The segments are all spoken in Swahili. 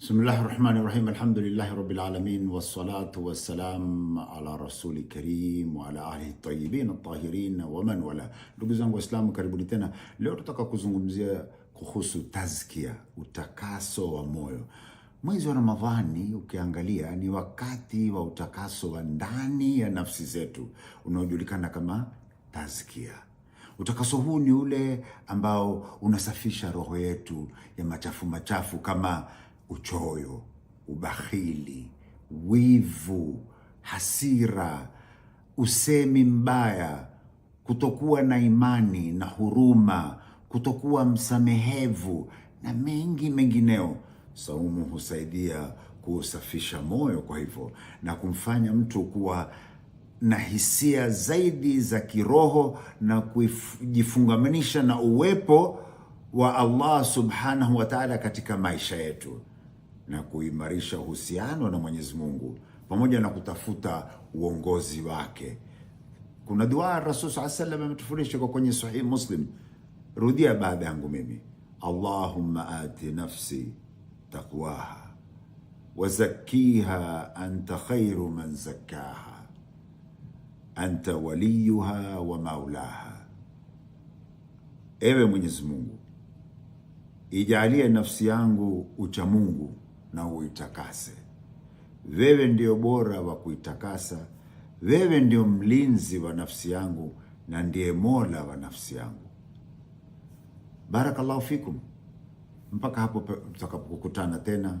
بسم الله الرحمن الرحيم الحمد لله رب العالمين والصلاة rasuli karim رسول الكريم وعلى tayyibin tahirin الطاهرين ومن ولا Ndugu zangu Waislamu, karibuni tena. Leo tutaka kuzungumzia kuhusu tazkia, utakaso wa moyo. Mwezi wa Ramadhani ukiangalia ni wakati wa utakaso wa ndani ya nafsi zetu unaojulikana kama tazkia. Utakaso huu ni ule ambao unasafisha roho yetu ya machafu machafu kama uchoyo, ubakhili, wivu, hasira, usemi mbaya, kutokuwa na imani na huruma, kutokuwa msamehevu na mengi mengineo. Saumu husaidia kusafisha moyo kwa hivyo na kumfanya mtu kuwa na hisia zaidi za kiroho na kujifungamanisha na uwepo wa Allah subhanahu wa ta'ala katika maisha yetu na kuimarisha uhusiano na Mwenyezi Mungu pamoja na kutafuta uongozi wake. Kuna dua Rasul sallallahu alayhi wasallam ametufundisha kwa kwenye Sahih Muslim, rudia baada yangu mimi, Allahumma ati nafsi taqwaha wa anta khairu man zakkaha anta waliyuha wa maulaha, ewe Mwenyezi Mungu ijalie nafsi yangu uchamungu Mungu na uitakase. Wewe ndio bora wa kuitakasa, wewe ndio mlinzi wa nafsi yangu na ndiye mola wa nafsi yangu. Barakallahu fikum, mpaka hapo tutakapokutana tena.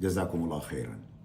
Jazakumullahu khairan.